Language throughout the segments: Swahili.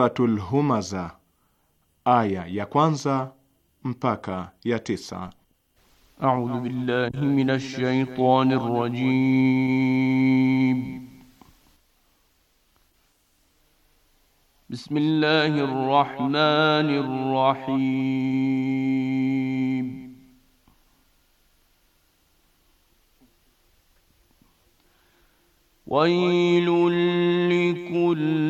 Suratul Humaza aya ya kwanza mpaka ya tisa. A'udhu billahi minash shaitani rrajim. Bismillahir rahmanir rahim. ويل لكل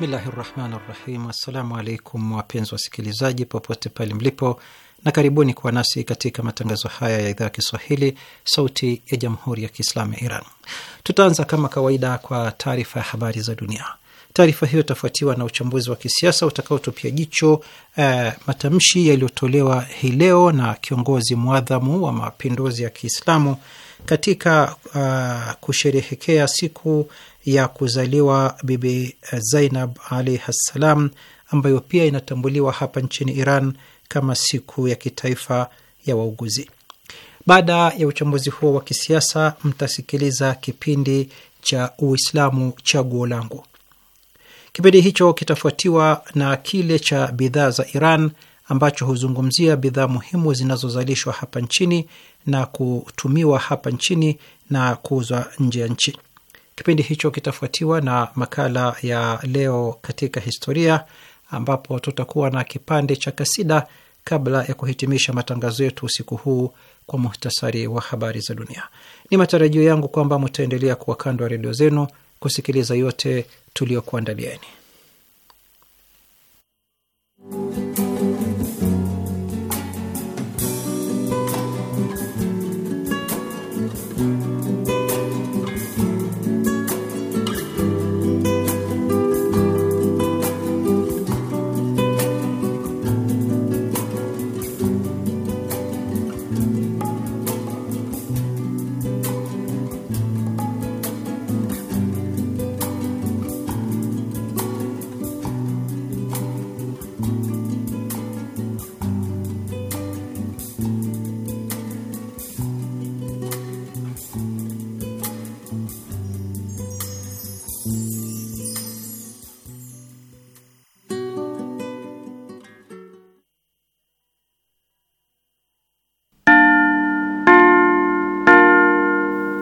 Bismillahi rahmani rahim. Assalamu alaikum wapenzi wasikilizaji popote pale mlipo, na karibuni kuwa nasi katika matangazo haya ya idhaa ya Kiswahili, Sauti ya Jamhuri ya Kiislamu ya Iran. Tutaanza kama kawaida kwa taarifa ya habari za dunia. Taarifa hiyo itafuatiwa na uchambuzi wa kisiasa utakaotupia jicho eh, matamshi yaliyotolewa hii leo na kiongozi mwadhamu wa mapinduzi ya Kiislamu katika uh, kusherehekea siku ya kuzaliwa Bibi Zainab alaihi ssalam, ambayo pia inatambuliwa hapa nchini Iran kama siku ya kitaifa ya wauguzi. Baada ya uchambuzi huo wa kisiasa, mtasikiliza kipindi cha Uislamu Chaguo Langu. Kipindi hicho kitafuatiwa na kile cha Bidhaa za Iran ambacho huzungumzia bidhaa muhimu zinazozalishwa hapa nchini na kutumiwa hapa nchini na kuuzwa nje ya nchi. Kipindi hicho kitafuatiwa na makala ya leo katika historia, ambapo tutakuwa na kipande cha kasida kabla ya kuhitimisha matangazo yetu usiku huu kwa muhtasari wa habari za dunia. Ni matarajio yangu kwamba mtaendelea kuwa kando ya redio zenu kusikiliza yote tuliyokuandalieni.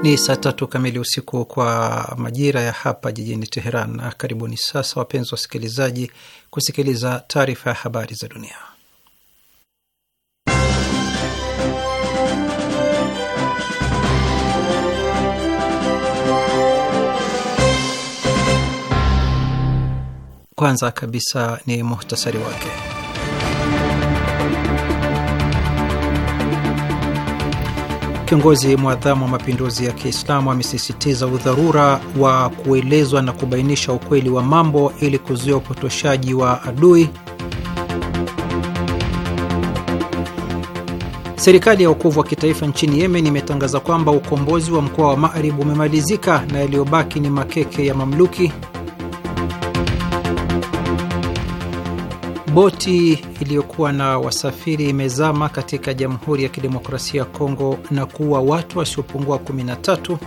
Ni saa tatu kamili usiku kwa majira ya hapa jijini Teheran, na karibuni sasa, wapenzi wasikilizaji, kusikiliza taarifa ya habari za dunia. Kwanza kabisa ni muhtasari wake. Kiongozi mwadhamu wa mapinduzi ya Kiislamu amesisitiza udharura wa kuelezwa na kubainisha ukweli wa mambo ili kuzuia upotoshaji wa adui. Serikali ya wokovu wa kitaifa nchini Yemen imetangaza kwamba ukombozi wa mkoa wa Maarib umemalizika na yaliyobaki ni makeke ya mamluki. Boti iliyokuwa na wasafiri imezama katika Jamhuri ya Kidemokrasia ya Kongo na kuua watu wasiopungua 13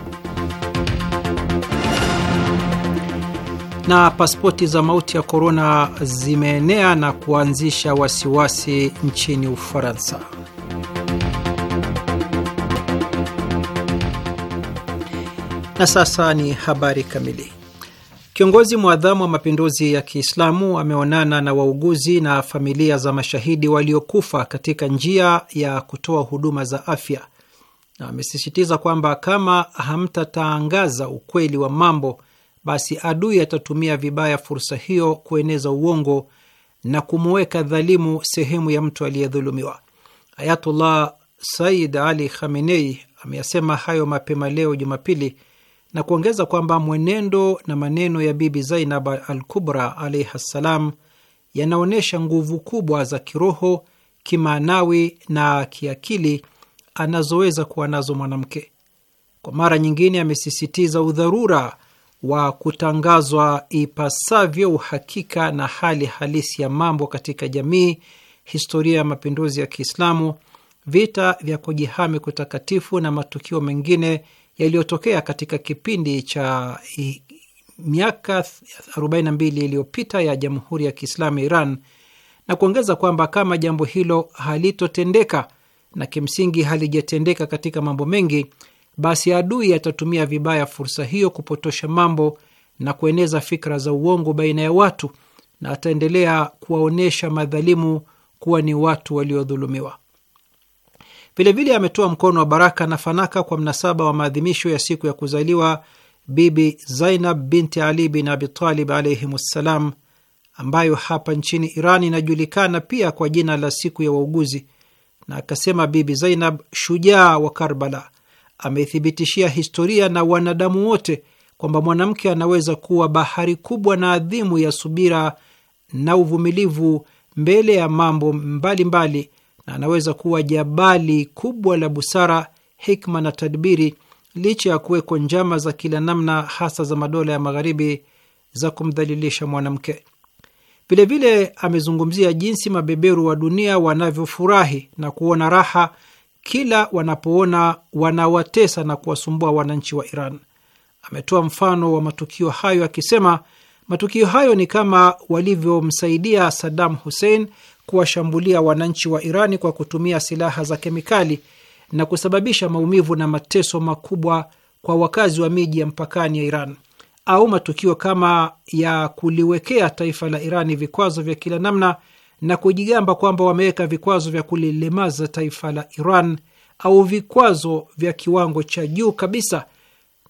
na pasipoti za mauti ya korona zimeenea na kuanzisha wasiwasi nchini Ufaransa. Na sasa ni habari kamili. Kiongozi mwadhamu wa mapinduzi ya Kiislamu ameonana na wauguzi na familia za mashahidi waliokufa katika njia ya kutoa huduma za afya na amesisitiza kwamba kama hamtatangaza ukweli wa mambo, basi adui atatumia vibaya fursa hiyo kueneza uongo na kumuweka dhalimu sehemu ya mtu aliyedhulumiwa. Ayatullah Said Ali Khamenei ameyasema hayo mapema leo Jumapili na kuongeza kwamba mwenendo na maneno ya Bibi Zainab al alaihi ssalam yanaonyesha nguvu kubwa za kiroho, kimaanawi na kiakili anazoweza kuwa nazo mwanamke. Kwa mara nyingine, amesisitiza udharura wa kutangazwa ipasavyo uhakika na hali halisi ya mambo katika jamii, historia ya mapinduzi ya Kiislamu, vita vya kujihami kutakatifu na matukio mengine yaliyotokea katika kipindi cha miaka 42 iliyopita ya Jamhuri ya Kiislamu ya Iran na kuongeza kwamba kama jambo hilo halitotendeka na kimsingi halijatendeka katika mambo mengi, basi adui atatumia vibaya fursa hiyo kupotosha mambo na kueneza fikra za uongo baina ya watu na ataendelea kuwaonyesha madhalimu kuwa ni watu waliodhulumiwa. Vilevile ametoa mkono wa baraka na fanaka kwa mnasaba wa maadhimisho ya siku ya kuzaliwa Bibi Zainab binti Ali bin Abitalib alaihim ssalam, ambayo hapa nchini Iran inajulikana pia kwa jina la siku ya wauguzi, na akasema Bibi Zainab, shujaa wa Karbala, ameithibitishia historia na wanadamu wote kwamba mwanamke anaweza kuwa bahari kubwa na adhimu ya subira na uvumilivu mbele ya mambo mbalimbali mbali, anaweza kuwa jabali kubwa la busara, hikma na tadbiri, licha ya kuwekwa njama za kila namna, hasa za madola ya Magharibi za kumdhalilisha mwanamke. Vilevile amezungumzia jinsi mabeberu wa dunia wanavyofurahi na kuona raha kila wanapoona wanawatesa na kuwasumbua wananchi wa Iran. Ametoa mfano wa matukio hayo akisema, matukio hayo ni kama walivyomsaidia Saddam Hussein kuwashambulia wananchi wa Irani kwa kutumia silaha za kemikali na kusababisha maumivu na mateso makubwa kwa wakazi wa miji ya mpakani ya Iran au matukio kama ya kuliwekea taifa la Irani vikwazo vya kila namna na kujigamba kwamba wameweka vikwazo vya kulilemaza taifa la Iran au vikwazo vya kiwango cha juu kabisa,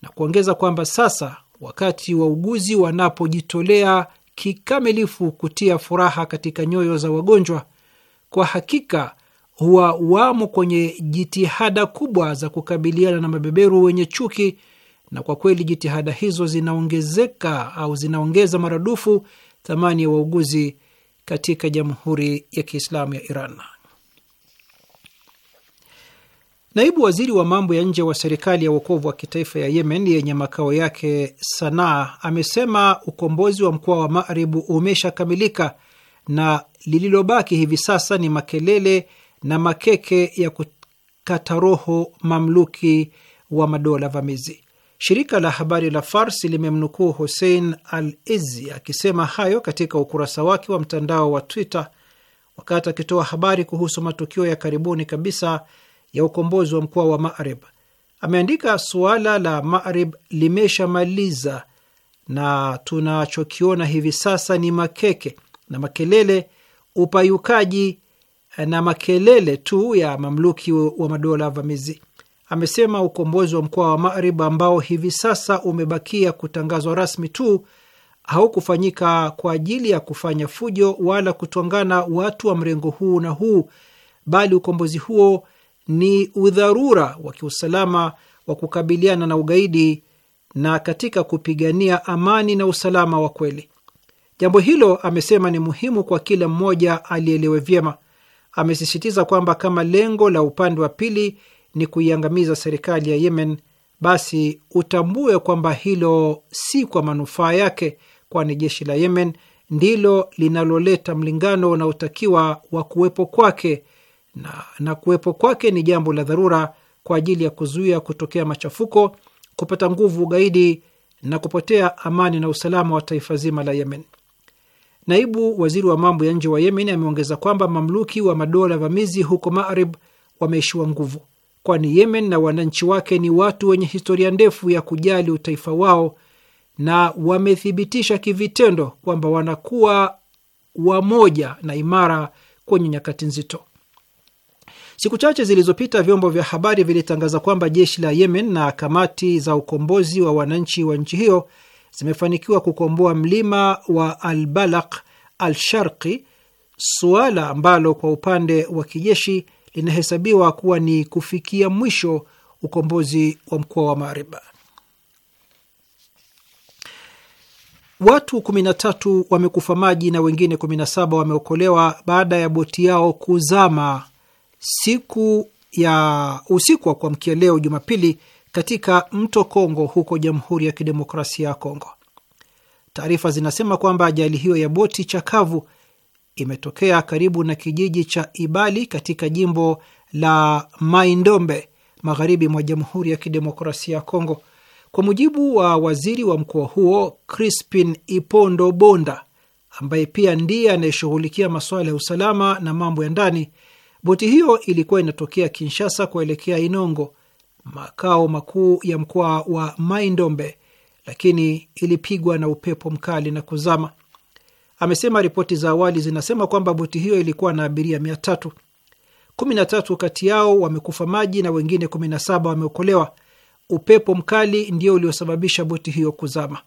na kuongeza kwamba sasa wakati wauguzi wanapojitolea kikamilifu kutia furaha katika nyoyo za wagonjwa, kwa hakika huwa wamo kwenye jitihada kubwa za kukabiliana na mabeberu wenye chuki, na kwa kweli jitihada hizo zinaongezeka au zinaongeza maradufu thamani ya wauguzi katika Jamhuri ya Kiislamu ya Iran. Naibu waziri wa mambo ya nje wa serikali ya wokovu wa kitaifa ya Yemen yenye makao yake Sanaa amesema ukombozi wa mkoa wa Maribu umeshakamilika na lililobaki hivi sasa ni makelele na makeke ya kukata roho mamluki wa madola vamizi. Shirika la habari la Fars limemnukuu Hussein Al Izzi akisema hayo katika ukurasa wake wa mtandao wa Twitter wakati akitoa habari kuhusu matukio ya karibuni kabisa ya ukombozi wa mkoa wa Mareb. Ameandika, suala la Mareb limeshamaliza na tunachokiona hivi sasa ni makeke na makelele, upayukaji na makelele tu ya mamluki wa madola vamizi. Amesema ukombozi wa mkoa wa Marib ambao hivi sasa umebakia kutangazwa rasmi tu haukufanyika kwa ajili ya kufanya fujo wala kutwangana watu wa mrengo huu na huu, bali ukombozi huo ni udharura wa kiusalama wa kukabiliana na ugaidi na katika kupigania amani na usalama wa kweli. Jambo hilo amesema ni muhimu kwa kila mmoja alielewe vyema. Amesisitiza kwamba kama lengo la upande wa pili ni kuiangamiza serikali ya Yemen, basi utambue kwamba hilo si kwa manufaa yake, kwani jeshi la Yemen ndilo linaloleta mlingano unaotakiwa wa kuwepo kwake na, na kuwepo kwake ni jambo la dharura kwa ajili ya kuzuia kutokea machafuko, kupata nguvu ugaidi na kupotea amani na usalama wa taifa zima la Yemen. Naibu waziri wa mambo ya nje wa Yemen ameongeza kwamba mamluki wa madola vamizi huko Marib wameishiwa nguvu, kwani Yemen na wananchi wake ni watu wenye historia ndefu ya kujali utaifa wao na wamethibitisha kivitendo kwamba wanakuwa wamoja na imara kwenye nyakati nzito. Siku chache zilizopita vyombo vya habari vilitangaza kwamba jeshi la Yemen na kamati za ukombozi wa wananchi wa nchi hiyo zimefanikiwa kukomboa mlima wa Albalak Alsharqi, suala ambalo kwa upande wa kijeshi linahesabiwa kuwa ni kufikia mwisho ukombozi wa mkoa wa Marib. Watu 13 wamekufa maji na wengine 17 wameokolewa baada ya boti yao kuzama siku ya usiku wa kuamkia leo Jumapili katika mto Kongo huko Jamhuri ya Kidemokrasia ya Kongo. Taarifa zinasema kwamba ajali hiyo ya boti chakavu imetokea karibu na kijiji cha Ibali katika jimbo la Maindombe magharibi mwa Jamhuri ya Kidemokrasia ya Kongo. Kwa mujibu wa waziri wa mkoa huo Crispin Ipondo Bonda ambaye pia ndiye anayeshughulikia masuala ya usalama na mambo ya ndani, Boti hiyo ilikuwa inatokea Kinshasa kuelekea Inongo, makao makuu ya mkoa wa maindombe lakini ilipigwa na upepo mkali na kuzama. Amesema ripoti za awali zinasema kwamba boti hiyo ilikuwa na abiria mia tatu, kumi na tatu kati yao wamekufa maji na wengine kumi na saba wameokolewa. Upepo mkali ndio uliosababisha boti hiyo kuzama.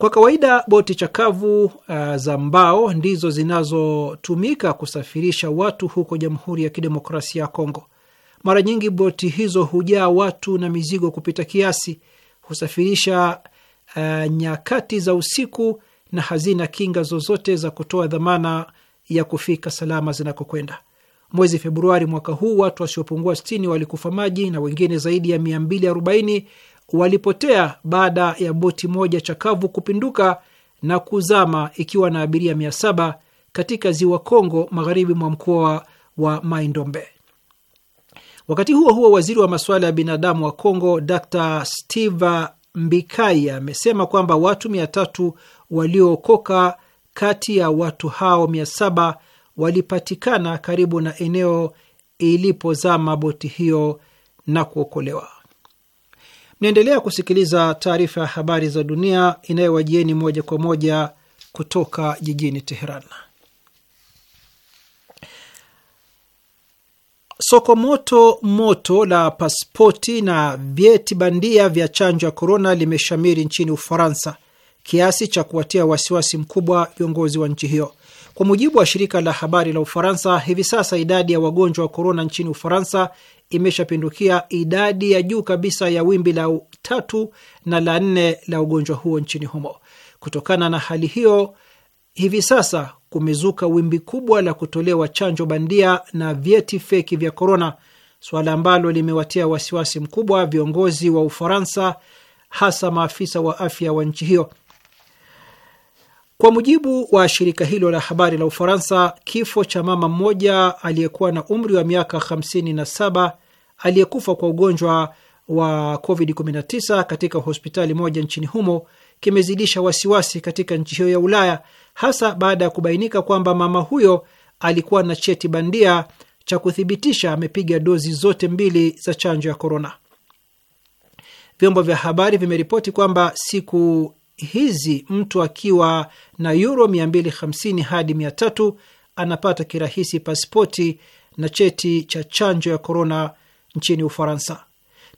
Kwa kawaida boti chakavu uh, za mbao ndizo zinazotumika kusafirisha watu huko Jamhuri ya Kidemokrasia ya Kongo. Mara nyingi boti hizo hujaa watu na mizigo kupita kiasi, husafirisha uh, nyakati za usiku na hazina kinga zozote za kutoa dhamana ya kufika salama zinakokwenda. Mwezi Februari mwaka huu watu wasiopungua 60 walikufa maji na wengine zaidi ya 240 walipotea baada ya boti moja chakavu kupinduka na kuzama ikiwa na abiria mia saba katika ziwa Kongo magharibi mwa mkoa wa maindombe Wakati huo huo, waziri wa masuala ya binadamu wa Kongo Dr. Steve Mbikai amesema kwamba watu mia tatu waliookoka kati ya watu hao mia saba walipatikana karibu na eneo ilipozama boti hiyo na kuokolewa. Mnaendelea kusikiliza taarifa ya habari za dunia inayowajieni moja kwa moja kutoka jijini Teheran. Soko moto moto la pasipoti na vyeti bandia vya chanjo ya korona limeshamiri nchini Ufaransa kiasi cha kuwatia wasiwasi mkubwa viongozi wa nchi hiyo. Kwa mujibu wa shirika la habari la Ufaransa, hivi sasa idadi ya wagonjwa wa korona nchini Ufaransa imeshapindukia idadi ya juu kabisa ya wimbi la tatu na la nne la ugonjwa huo nchini humo. Kutokana na hali hiyo, hivi sasa kumezuka wimbi kubwa la kutolewa chanjo bandia na vyeti feki vya korona, suala ambalo limewatia wasiwasi mkubwa viongozi wa Ufaransa, hasa maafisa wa afya wa nchi hiyo kwa mujibu wa shirika hilo la habari la Ufaransa, kifo cha mama mmoja aliyekuwa na umri wa miaka 57 aliyekufa kwa ugonjwa wa COVID-19 katika hospitali moja nchini humo kimezidisha wasiwasi katika nchi hiyo ya Ulaya, hasa baada ya kubainika kwamba mama huyo alikuwa na cheti bandia cha kuthibitisha amepiga dozi zote mbili za chanjo ya korona. Vyombo vya habari vimeripoti kwamba siku hizi mtu akiwa na yuro 250 hadi 300 anapata kirahisi pasipoti na cheti cha chanjo ya korona nchini Ufaransa.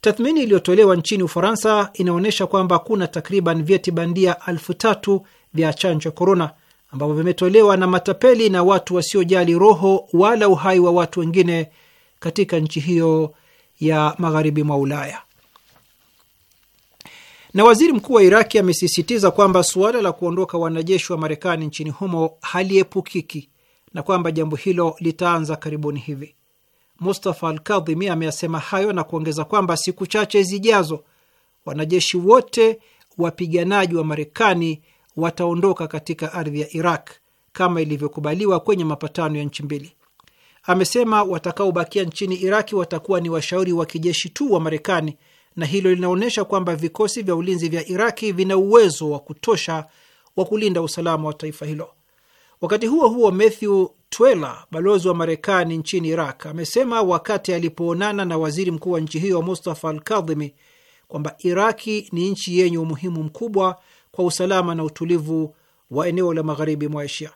Tathmini iliyotolewa nchini Ufaransa inaonyesha kwamba kuna takriban vyeti bandia elfu tatu vya chanjo ya korona ambavyo vimetolewa na matapeli na watu wasiojali roho wala uhai wa watu wengine katika nchi hiyo ya magharibi mwa Ulaya. Na waziri mkuu wa Iraki amesisitiza kwamba suala la kuondoka wanajeshi wa Marekani nchini humo haliepukiki na kwamba jambo hilo litaanza karibuni hivi. Mustafa Alkadhimi ameyasema hayo na kuongeza kwamba siku chache zijazo wanajeshi wote wapiganaji wa Marekani wataondoka katika ardhi ya Iraq kama ilivyokubaliwa kwenye mapatano ya nchi mbili. Amesema watakaobakia nchini Iraki watakuwa ni washauri wa kijeshi tu wa Marekani na hilo linaonyesha kwamba vikosi vya ulinzi vya Iraki vina uwezo wa kutosha wa kulinda usalama wa taifa hilo. Wakati huo huo, Matthew Twela, balozi wa Marekani nchini Iraq, amesema wakati alipoonana na waziri mkuu wa nchi hiyo Mustafa Al Kadhimi kwamba Iraki ni nchi yenye umuhimu mkubwa kwa usalama na utulivu wa eneo la magharibi mwa Asia.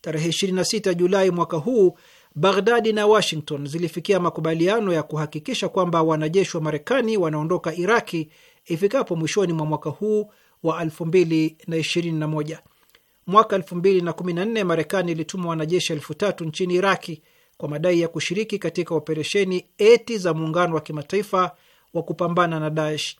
Tarehe 26 Julai mwaka huu Baghdadi na Washington zilifikia makubaliano ya kuhakikisha kwamba wanajeshi wa Marekani wanaondoka Iraki ifikapo mwishoni mwa mwaka huu wa 2021. Mwaka 2014 Marekani ilituma wanajeshi elfu tatu nchini Iraki kwa madai ya kushiriki katika operesheni eti za muungano wa kimataifa wa kupambana na Daesh.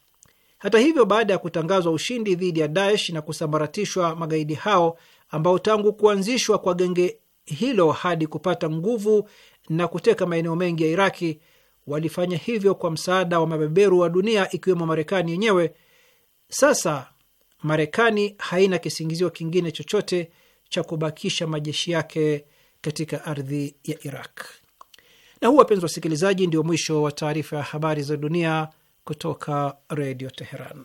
Hata hivyo, baada ya kutangazwa ushindi dhidi ya Daesh na kusambaratishwa magaidi hao ambao tangu kuanzishwa kwa genge hilo hadi kupata nguvu na kuteka maeneo mengi ya Iraki. Walifanya hivyo kwa msaada wa mabeberu wa dunia ikiwemo Marekani yenyewe. Sasa Marekani haina kisingizio kingine chochote cha kubakisha majeshi yake katika ardhi ya Iraq. Na huu, wapenzi wasikilizaji, ndio mwisho wa taarifa ya habari za dunia kutoka Redio Teheran.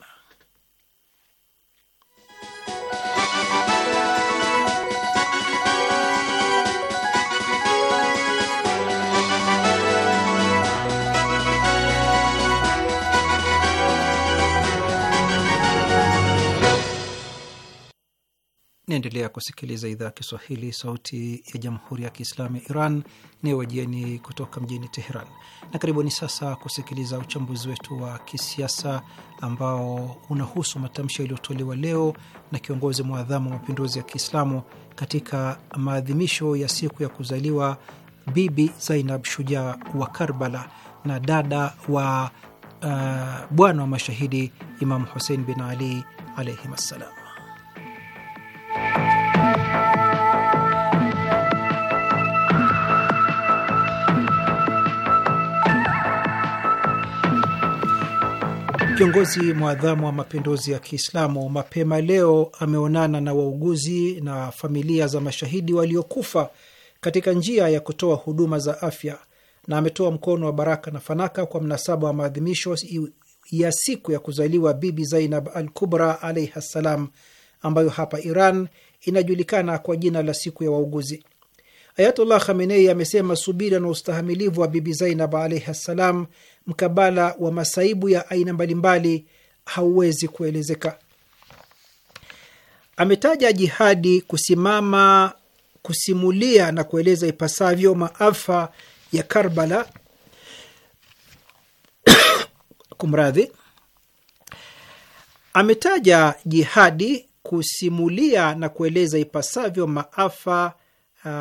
Naendelea kusikiliza idhaa ya Kiswahili, sauti ya jamhuri ya kiislamu ya Iran inayowajieni kutoka mjini Teheran. Na karibuni sasa kusikiliza uchambuzi wetu wa kisiasa ambao unahusu matamshi yaliyotolewa leo na kiongozi mwadhamu wa mapinduzi ya Kiislamu katika maadhimisho ya siku ya kuzaliwa Bibi Zainab, shujaa wa Karbala na dada wa uh, bwana wa mashahidi Imamu Husein bin Ali alaihim assalam. Kiongozi mwadhamu wa mapinduzi ya Kiislamu mapema leo ameonana na wauguzi na familia za mashahidi waliokufa katika njia ya kutoa huduma za afya na ametoa mkono wa baraka na fanaka kwa mnasaba wa maadhimisho ya siku ya kuzaliwa Bibi Zainab al Kubra alaihi ssalam, ambayo hapa Iran inajulikana kwa jina la siku ya wauguzi. Ayatullah Khamenei amesema subira na ustahamilivu wa Bibi Zainab alaihi ssalam mkabala wa masaibu ya aina mbalimbali hauwezi kuelezeka. Ametaja jihadi, kusimama, kusimulia na kueleza ipasavyo maafa ya Karbala kumradhi. Ametaja jihadi kusimulia na kueleza ipasavyo maafa uh,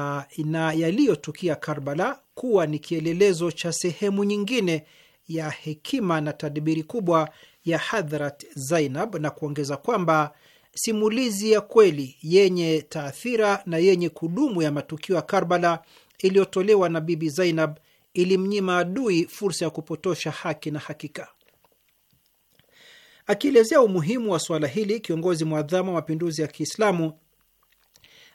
na yaliyotukia Karbala kuwa ni kielelezo cha sehemu nyingine ya hekima na tadbiri kubwa ya Hadhrat Zainab na kuongeza kwamba simulizi ya kweli yenye taathira na yenye kudumu ya matukio ya Karbala iliyotolewa na Bibi Zainab ilimnyima adui fursa ya kupotosha haki na hakika. Akielezea umuhimu wa suala hili, kiongozi mwadhama wa mapinduzi ya Kiislamu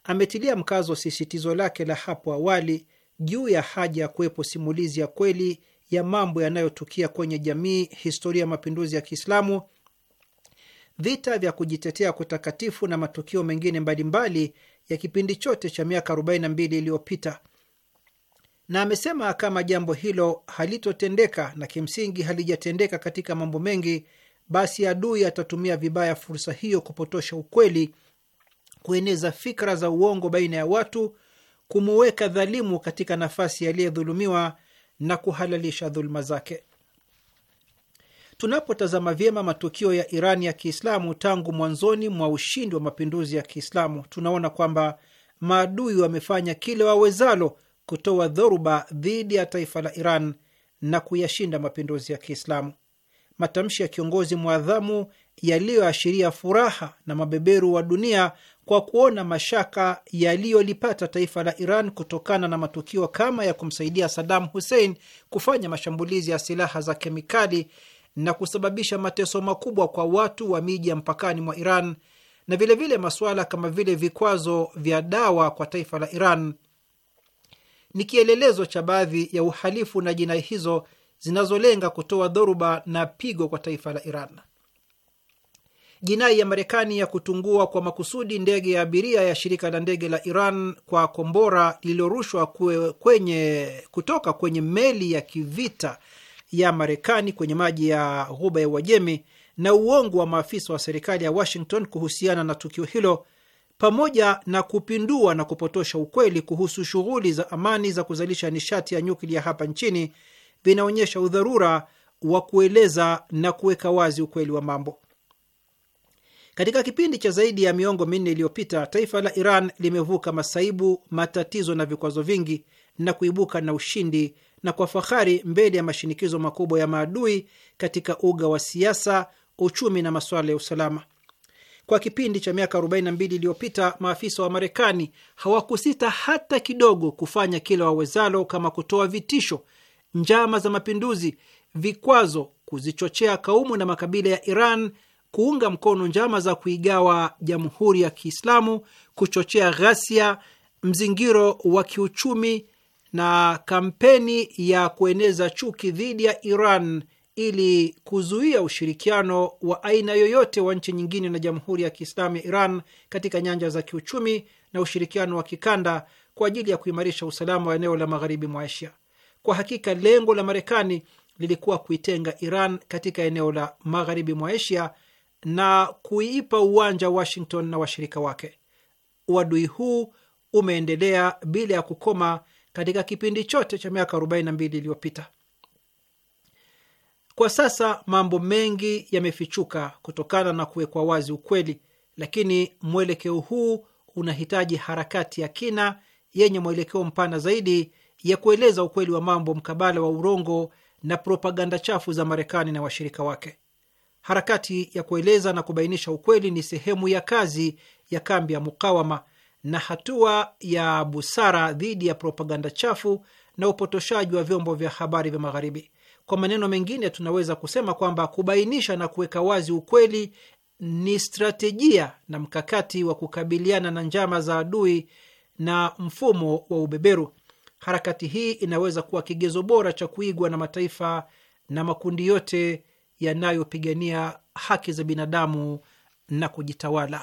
ametilia mkazo sisitizo lake la hapo awali juu ya haja ya kuwepo simulizi ya kweli ya mambo yanayotukia kwenye jamii, historia ya mapinduzi ya Kiislamu, vita vya kujitetea kutakatifu na matukio mengine mbalimbali ya kipindi chote cha miaka 42 iliyopita, na amesema kama jambo hilo halitotendeka na kimsingi halijatendeka katika mambo mengi basi adui atatumia vibaya fursa hiyo kupotosha ukweli, kueneza fikra za uongo baina ya watu, kumuweka dhalimu katika nafasi aliyedhulumiwa na kuhalalisha dhuluma zake. Tunapotazama vyema matukio ya Iran ya Kiislamu tangu mwanzoni mwa ushindi wa mapinduzi ya Kiislamu, tunaona kwamba maadui wamefanya kile wawezalo kutoa dhoruba dhidi ya taifa la Iran na kuyashinda mapinduzi ya Kiislamu matamshi ya kiongozi mwadhamu yaliyoashiria furaha na mabeberu wa dunia kwa kuona mashaka yaliyolipata taifa la Iran kutokana na matukio kama ya kumsaidia Saddam Hussein kufanya mashambulizi ya silaha za kemikali na kusababisha mateso makubwa kwa watu wa miji ya mpakani mwa Iran na vilevile vile masuala kama vile vikwazo vya dawa kwa taifa la Iran ni kielelezo cha baadhi ya uhalifu na jinai hizo zinazolenga kutoa dhoruba na pigo kwa taifa la Iran. Jinai ya Marekani ya kutungua kwa makusudi ndege ya abiria ya shirika la ndege la Iran kwa kombora lililorushwa kwenye, kutoka kwenye meli ya kivita ya Marekani kwenye maji ya Ghuba ya Uajemi na uongo wa maafisa wa serikali ya Washington kuhusiana na tukio hilo pamoja na kupindua na kupotosha ukweli kuhusu shughuli za amani za kuzalisha nishati ya nyuklia hapa nchini vinaonyesha udharura wa kueleza na kuweka wazi ukweli wa mambo. Katika kipindi cha zaidi ya miongo minne iliyopita, taifa la Iran limevuka masaibu, matatizo na vikwazo vingi na kuibuka na ushindi na kwa fahari mbele ya mashinikizo makubwa ya maadui katika uga wa siasa, uchumi na masuala ya usalama. Kwa kipindi cha miaka 42 iliyopita, maafisa wa Marekani hawakusita hata kidogo kufanya kila wawezalo, kama kutoa vitisho njama za mapinduzi, vikwazo, kuzichochea kaumu na makabila ya Iran kuunga mkono njama za kuigawa jamhuri ya Kiislamu, kuchochea ghasia, mzingiro wa kiuchumi na kampeni ya kueneza chuki dhidi ya Iran ili kuzuia ushirikiano wa aina yoyote wa nchi nyingine na jamhuri ya Kiislamu ya Iran katika nyanja za kiuchumi na ushirikiano wa kikanda kwa ajili ya kuimarisha usalama wa eneo la magharibi mwa Asia. Kwa hakika lengo la Marekani lilikuwa kuitenga Iran katika eneo la magharibi mwa Asia na kuipa uwanja Washington na washirika wake. Uadui huu umeendelea bila ya kukoma katika kipindi chote cha miaka 42 iliyopita. Kwa sasa mambo mengi yamefichuka kutokana na kuwekwa wazi ukweli, lakini mwelekeo huu unahitaji harakati ya kina yenye mwelekeo mpana zaidi ya kueleza ukweli wa mambo mkabala wa urongo na propaganda chafu za Marekani na washirika wake. Harakati ya kueleza na kubainisha ukweli ni sehemu ya kazi ya kambi ya mukawama na hatua ya busara dhidi ya propaganda chafu na upotoshaji wa vyombo vya habari vya Magharibi. Kwa maneno mengine, tunaweza kusema kwamba kubainisha na kuweka wazi ukweli ni strategia na mkakati wa kukabiliana na njama za adui na mfumo wa ubeberu harakati hii inaweza kuwa kigezo bora cha kuigwa na mataifa na makundi yote yanayopigania haki za binadamu na kujitawala.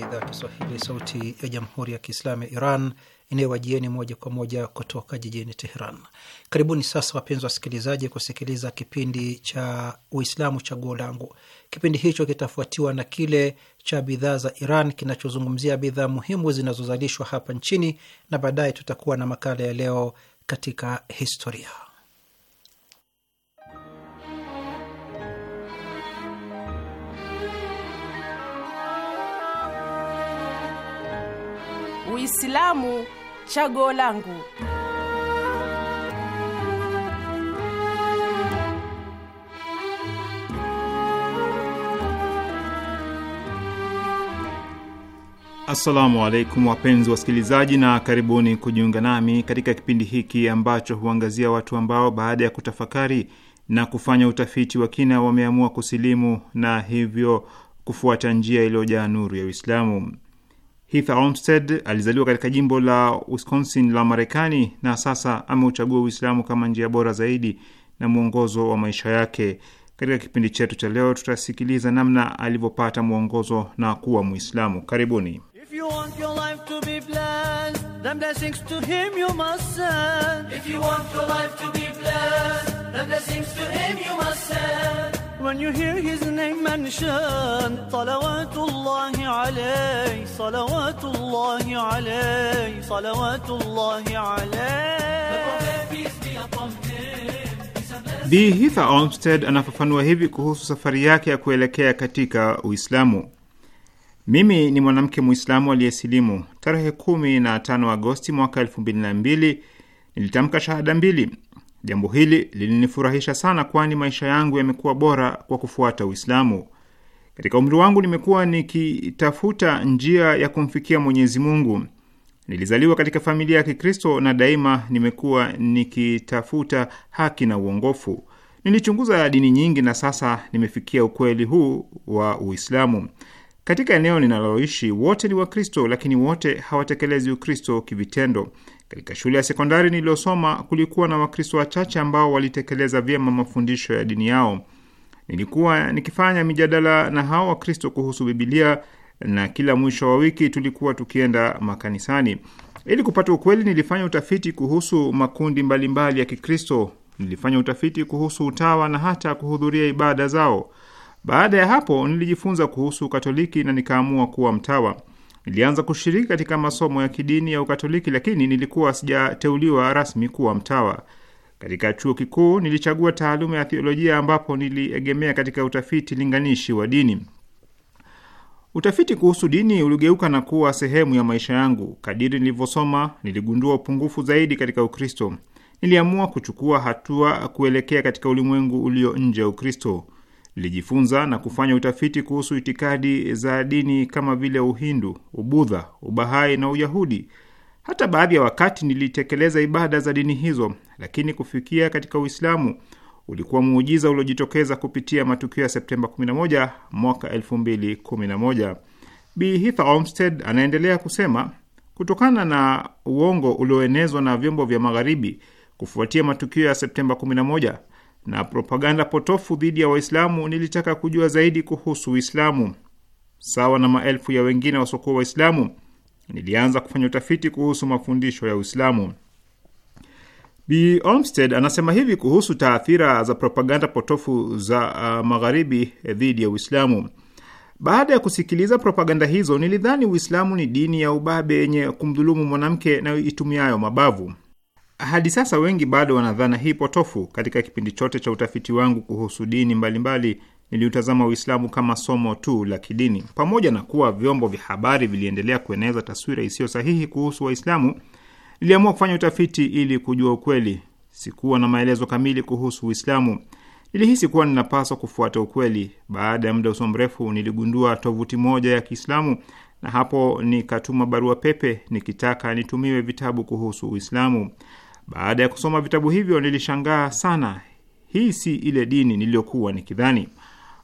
ya idhaa ya Kiswahili, sauti ya jamhuri ya kiislamu ya Iran inayowajieni moja kwa moja kutoka jijini Teheran. Karibuni sasa wapenzi wasikilizaji, kusikiliza kipindi cha Uislamu Chaguo Langu. Kipindi hicho kitafuatiwa na kile cha bidhaa za Iran kinachozungumzia bidhaa muhimu zinazozalishwa hapa nchini, na baadaye tutakuwa na makala ya leo katika historia. Uislamu chaguo langu. Assalamu alaikum wapenzi wasikilizaji, na karibuni kujiunga nami katika kipindi hiki ambacho huangazia watu ambao baada ya kutafakari na kufanya utafiti wa kina wameamua kusilimu na hivyo kufuata njia iliyojaa nuru ya Uislamu. Heath Armstead alizaliwa katika jimbo la Wisconsin la Marekani na sasa ameuchagua Uislamu kama njia bora zaidi na mwongozo wa maisha yake. Katika kipindi chetu cha leo, tutasikiliza namna alivyopata mwongozo na kuwa Mwislamu. Karibuni. If you want your life to be blessed, then blessings to him you must send. If you want your life to be blessed, then blessings to him you must send. When you hear his name mentioned, salawatullahi alayhi, salawatullahi alayhi, salawatullahi alayhi. Bi Hitha Olmsted anafafanua hivi kuhusu safari yake ya kuelekea katika Uislamu. Mimi ni mwanamke Muislamu aliyesilimu. Tarehe 15 Agosti mwaka 2002 nilitamka shahada mbili Jambo hili lilinifurahisha sana, kwani maisha yangu yamekuwa bora kwa kufuata Uislamu. Katika umri wangu nimekuwa nikitafuta njia ya kumfikia Mwenyezi Mungu. Nilizaliwa katika familia ya Kikristo na daima nimekuwa nikitafuta haki na uongofu. Nilichunguza dini nyingi na sasa nimefikia ukweli huu wa Uislamu. Katika eneo ninaloishi wote ni Wakristo, lakini wote hawatekelezi Ukristo kivitendo. Katika shule ya sekondari niliyosoma kulikuwa na Wakristo wachache ambao walitekeleza vyema mafundisho ya dini yao. Nilikuwa nikifanya mijadala na hao Wakristo kuhusu Bibilia na kila mwisho wa wiki tulikuwa tukienda makanisani. Ili kupata ukweli, nilifanya utafiti kuhusu makundi mbalimbali mbali ya Kikristo. Nilifanya utafiti kuhusu utawa na hata kuhudhuria ibada zao. Baada ya hapo, nilijifunza kuhusu Katoliki na nikaamua kuwa mtawa. Nilianza kushiriki katika masomo ya kidini ya Ukatoliki, lakini nilikuwa sijateuliwa rasmi kuwa mtawa. Katika chuo kikuu nilichagua taaluma ya theolojia, ambapo niliegemea katika utafiti linganishi wa dini. Utafiti kuhusu dini uligeuka na kuwa sehemu ya maisha yangu. Kadiri nilivyosoma, niligundua upungufu zaidi katika Ukristo. Niliamua kuchukua hatua kuelekea katika ulimwengu ulio nje ya Ukristo lilijifunza na kufanya utafiti kuhusu itikadi za dini kama vile Uhindu, Ubudha, Ubahai na Uyahudi. Hata baadhi ya wakati nilitekeleza ibada za dini hizo, lakini kufikia katika Uislamu ulikuwa muujiza uliojitokeza kupitia matukio ya Septemba 11 mwaka 2011. Bi Hitha Olmsted anaendelea kusema, kutokana na uongo ulioenezwa na vyombo vya Magharibi kufuatia matukio ya Septemba 11 na propaganda potofu dhidi ya Waislamu, nilitaka kujua zaidi kuhusu Uislamu. Sawa na maelfu ya wengine wasiokuwa Waislamu, nilianza kufanya utafiti kuhusu mafundisho ya Uislamu. Bi Olmsted anasema hivi kuhusu taathira za propaganda potofu za uh, magharibi eh, dhidi ya Uislamu. Baada ya kusikiliza propaganda hizo, nilidhani Uislamu ni dini ya ubabe yenye kumdhulumu mwanamke na itumiayo mabavu. Hadi sasa wengi bado wanadhana hii potofu. Katika kipindi chote cha utafiti wangu kuhusu dini mbalimbali, niliutazama Uislamu kama somo tu la kidini. Pamoja na kuwa vyombo vya habari viliendelea kueneza taswira isiyo sahihi kuhusu Waislamu, niliamua kufanya utafiti ili kujua ukweli. Sikuwa na maelezo kamili kuhusu Uislamu, nilihisi kuwa ninapaswa kufuata ukweli. Baada ya muda usio mrefu, niligundua tovuti moja ya Kiislamu na hapo nikatuma barua pepe nikitaka nitumiwe vitabu kuhusu Uislamu. Baada ya kusoma vitabu hivyo nilishangaa sana, hii si ile dini niliyokuwa nikidhani.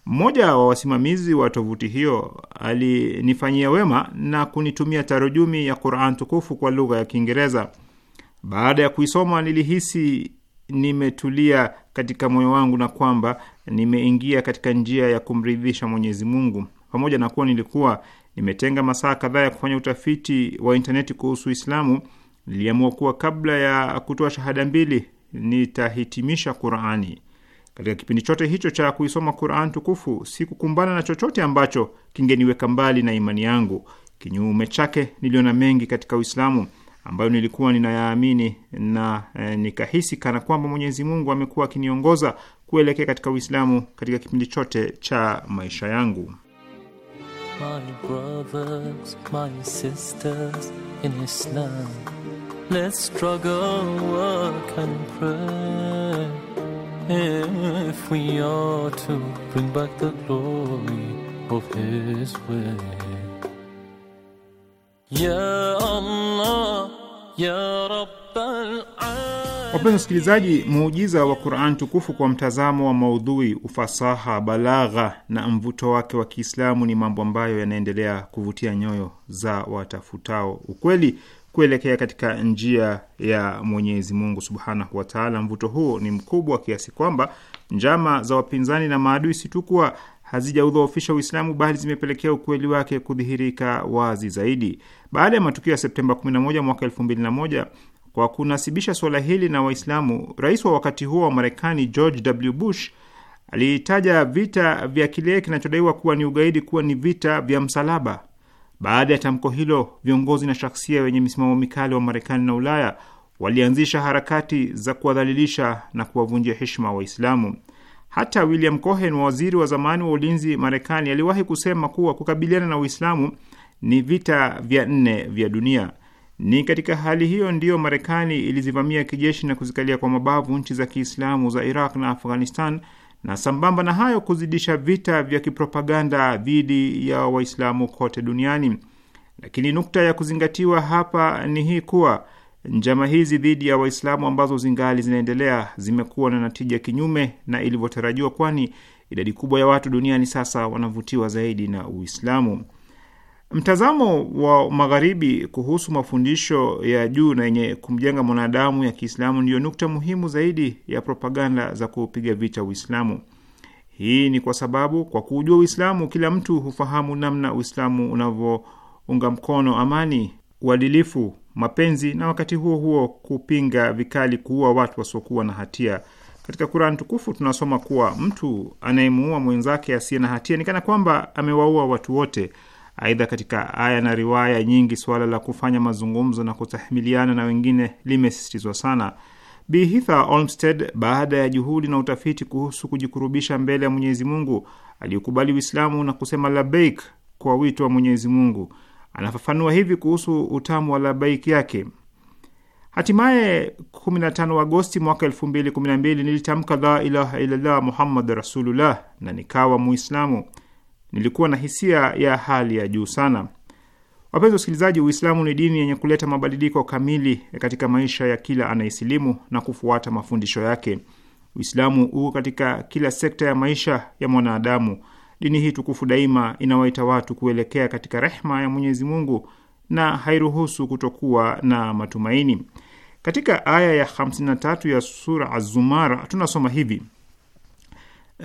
Mmoja wa wasimamizi wa tovuti hiyo alinifanyia wema na kunitumia tarujumi ya Quran tukufu kwa lugha ya Kiingereza. Baada ya kuisoma nilihisi nimetulia katika moyo wangu na kwamba nimeingia katika njia ya kumridhisha Mwenyezi Mungu. Pamoja na kuwa nilikuwa nimetenga masaa kadhaa ya kufanya utafiti wa intaneti kuhusu Uislamu, niliamua kuwa kabla ya kutoa shahada mbili nitahitimisha Qurani. Katika kipindi chote hicho cha kuisoma Quran tukufu sikukumbana na chochote ambacho kingeniweka mbali na imani yangu. Kinyume chake, niliona mengi katika Uislamu ambayo nilikuwa ninayaamini na e, nikahisi kana kwamba Mwenyezi Mungu amekuwa akiniongoza kuelekea katika Uislamu katika kipindi chote cha maisha yangu. My brothers, my sisters in Islam. Let's struggle, work, and pray. If we are to bring back the glory of His way. Ya Allah, Ya Rabbal Wapenzi msikilizaji, muujiza wa Quran tukufu kwa mtazamo wa maudhui, ufasaha, balagha na mvuto wake wa Kiislamu ni mambo ambayo yanaendelea kuvutia nyoyo za watafutao ukweli kuelekea katika njia ya Mwenyezi Mungu subhanahu wataala. Mvuto huo ni mkubwa kiasi kwamba njama za wapinzani na maadui si tu kuwa hazijaudhoofisha Uislamu bali zimepelekea ukweli wake kudhihirika wazi zaidi. Baada ya matukio ya Septemba 11 mwaka 2001, kwa kunasibisha suala hili na Waislamu, rais wa wakati huo wa Marekani George W. Bush aliitaja vita vya kile kinachodaiwa kuwa ni ugaidi kuwa ni vita vya msalaba. Baada ya tamko hilo, viongozi na shaksia wenye misimamo mikali wa Marekani na Ulaya walianzisha harakati za kuwadhalilisha na kuwavunjia heshima Waislamu. Hata William Cohen, waziri wa zamani wa ulinzi Marekani, aliwahi kusema kuwa kukabiliana na Uislamu ni vita vya nne vya dunia. Ni katika hali hiyo ndiyo Marekani ilizivamia kijeshi na kuzikalia kwa mabavu nchi za Kiislamu za Iraq na Afghanistan na sambamba na hayo kuzidisha vita vya kipropaganda dhidi ya Waislamu kote duniani. Lakini nukta ya kuzingatiwa hapa ni hii kuwa njama hizi dhidi ya Waislamu ambazo zingali zinaendelea zimekuwa na natija kinyume na ilivyotarajiwa, kwani idadi kubwa ya watu duniani sasa wanavutiwa zaidi na Uislamu. Mtazamo wa Magharibi kuhusu mafundisho ya juu na yenye kumjenga mwanadamu ya Kiislamu ndiyo nukta muhimu zaidi ya propaganda za kupiga vita Uislamu. Hii ni kwa sababu kwa kuujua Uislamu kila mtu hufahamu namna Uislamu unavyounga mkono amani, uadilifu, mapenzi na wakati huo huo kupinga vikali kuua watu wasiokuwa na hatia. Katika Kurani tukufu tunasoma kuwa mtu anayemuua mwenzake asiye na hatia ni kana kwamba amewaua watu wote. Aidha, katika aya na riwaya nyingi suala la kufanya mazungumzo na kutahimiliana na wengine limesisitizwa sana. Bi Hitha Olmsted, baada ya juhudi na utafiti kuhusu kujikurubisha mbele ya Mwenyezi Mungu, aliyokubali Uislamu na kusema labeik kwa wito wa Mwenyezi Mungu, anafafanua hivi kuhusu utamu wa labeik yake: Hatimaye 15 Agosti mwaka 2012 nilitamka la ilaha illallah muhammad rasulullah na nikawa Muislamu nilikuwa na hisia ya hali ya juu sana. Wapenzi wasikilizaji, Uislamu ni dini yenye kuleta mabadiliko kamili katika maisha ya kila anaisilimu na kufuata mafundisho yake. Uislamu uko katika kila sekta ya maisha ya mwanadamu. Dini hii tukufu daima inawaita watu kuelekea katika rehma ya Mwenyezi Mungu na hairuhusu kutokuwa na matumaini. Katika aya ya 53 ya sura Az-Zumar tunasoma hivi: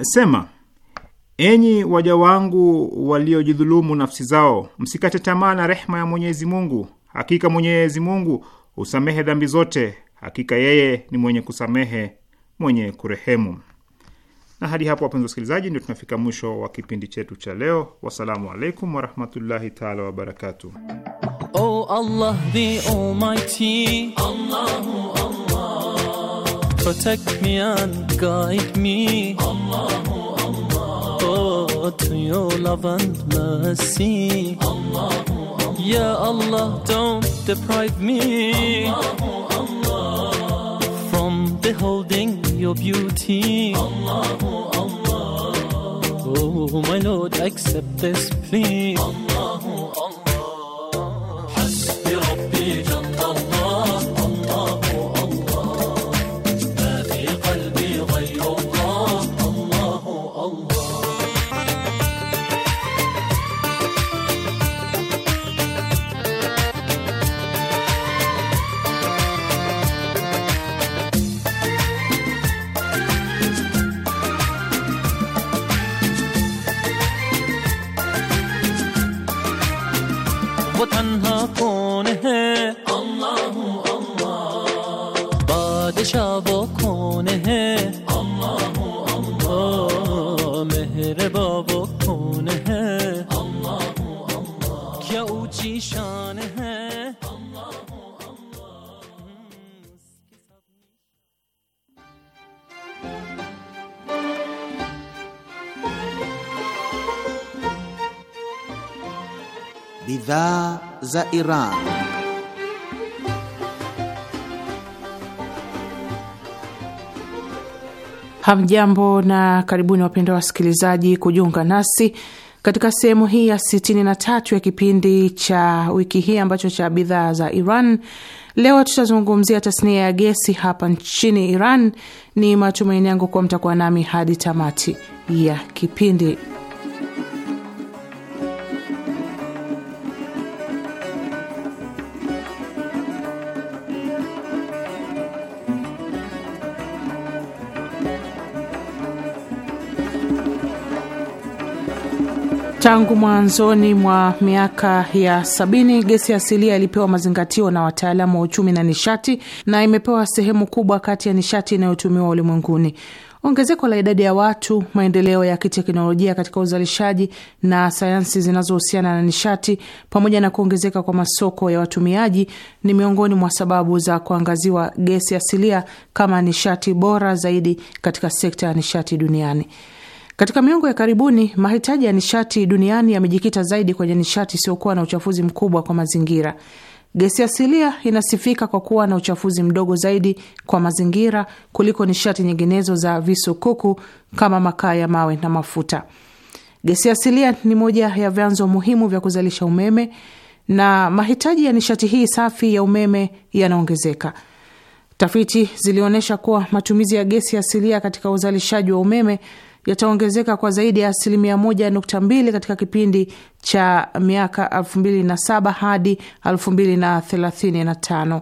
Sema, Enyi waja wangu waliojidhulumu nafsi zao, msikate tamaa na rehma ya Mwenyezi Mungu. Hakika Mwenyezi Mungu husamehe dhambi zote, hakika yeye ni mwenye kusamehe, mwenye kurehemu. Na hadi hapo, wapenzi wasikilizaji, ndio tunafika mwisho wa kipindi chetu cha leo. Wassalamu alaikum warahmatullahi taala wabarakatuh. Oh Allah the Almighty, Allahu Allah, protect me and guide me Allah. your love and mercy, Ya Allah don't deprive me From beholding your beauty Oh my Lord accept this plea. za Iran. Hamjambo na karibuni wapendwa wasikilizaji kujiunga nasi katika sehemu hii ya 63 ya kipindi cha wiki hii ambacho cha bidhaa za Iran. Leo tutazungumzia tasnia ya gesi hapa nchini Iran. Ni matumaini yangu kuwa mtakuwa nami hadi tamati ya kipindi. Tangu mwanzoni mwa miaka ya sabini gesi asilia ilipewa mazingatio na wataalamu wa uchumi na nishati na imepewa sehemu kubwa kati ya nishati inayotumiwa ulimwenguni. Ongezeko la idadi ya watu, maendeleo ya kiteknolojia katika uzalishaji na sayansi zinazohusiana na nishati, pamoja na kuongezeka kwa masoko ya watumiaji ni miongoni mwa sababu za kuangaziwa gesi asilia kama nishati bora zaidi katika sekta ya nishati duniani. Katika miongo ya karibuni mahitaji ya nishati duniani yamejikita zaidi kwenye nishati isiyokuwa na uchafuzi mkubwa kwa mazingira. Gesi asilia inasifika kwa kuwa na uchafuzi mdogo zaidi kwa mazingira kuliko nishati nyinginezo za visukuku kama makaa ya mawe na mafuta. Gesi asilia ni moja ya vyanzo muhimu vya kuzalisha umeme na mahitaji ya nishati hii safi ya umeme yanaongezeka. Tafiti zilionyesha kuwa matumizi ya gesi asilia katika uzalishaji wa umeme yataongezeka kwa zaidi ya asilimia 1.2 katika kipindi cha miaka saba hadi tano.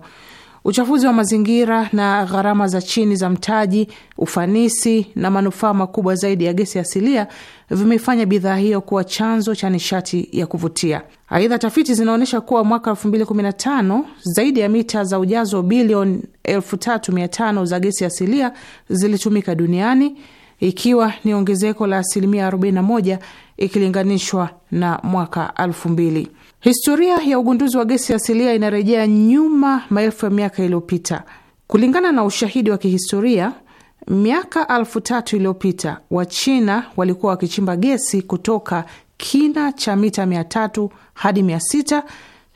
Uchafuzi wa mazingira na gharama za chini za mtaji, ufanisi na manufaa makubwa zaidi ya gesi asilia vimefanya bidhaa hiyo kuwa chanzo cha nishati ya kuvutia. Aidha, tafiti zinaonyesha kuwa mwaka 2015 zaidi ya mita za ujazo bilioni 3500 za gesi asilia zilitumika duniani ikiwa ni ongezeko la asilimia 41 ikilinganishwa na mwaka 2000. Historia ya ugunduzi wa gesi asilia inarejea nyuma maelfu ya miaka iliyopita. Kulingana na ushahidi wa kihistoria, miaka elfu tatu iliyopita Wachina walikuwa wakichimba gesi kutoka kina cha mita tatu hadi sita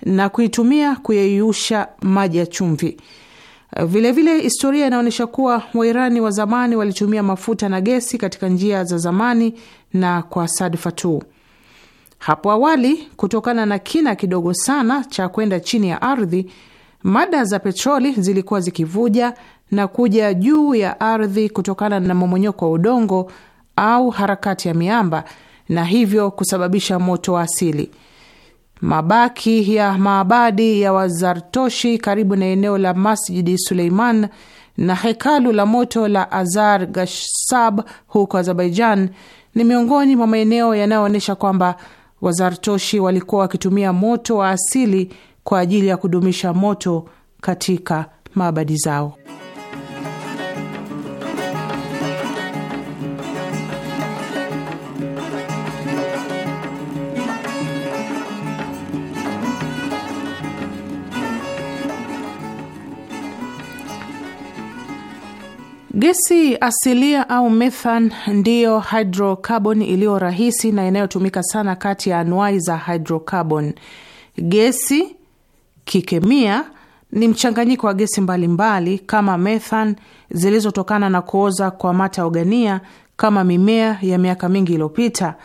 na kuitumia kuyeyusha maji ya chumvi. Vilevile eh, vile historia inaonyesha kuwa Wairani wa zamani walitumia mafuta na gesi katika njia za zamani na kwa sadfa tu. Hapo awali, kutokana na kina kidogo sana cha kwenda chini ya ardhi, mada za petroli zilikuwa zikivuja na kuja juu ya ardhi kutokana na momonyoko wa udongo au harakati ya miamba, na hivyo kusababisha moto wa asili. Mabaki ya maabadi ya Wazartoshi karibu na eneo la Masjidi Suleiman na hekalu la moto la Azar Gashsab huko Azerbaijan ni miongoni mwa maeneo yanayoonyesha kwamba Wazartoshi walikuwa wakitumia moto wa asili kwa ajili ya kudumisha moto katika maabadi zao. Gesi asilia au methan ndiyo hydrokarboni iliyo rahisi na inayotumika sana kati ya anuai za hydrocarbon. Gesi kikemia ni mchanganyiko wa gesi mbalimbali mbali, kama methan zilizotokana na kuoza kwa mata ogania kama mimea ya miaka mingi iliyopita,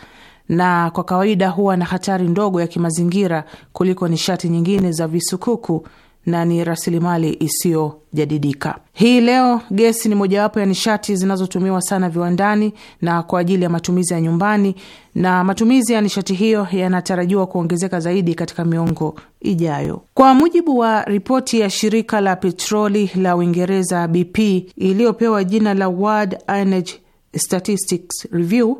na kwa kawaida huwa na hatari ndogo ya kimazingira kuliko nishati nyingine za visukuku na ni rasilimali isiyojadidika. Hii leo gesi ni mojawapo ya nishati zinazotumiwa sana viwandani na kwa ajili ya matumizi ya nyumbani, na matumizi ya nishati hiyo yanatarajiwa kuongezeka zaidi katika miongo ijayo. Kwa mujibu wa ripoti ya shirika la petroli la Uingereza BP iliyopewa jina la World Energy Statistics Review,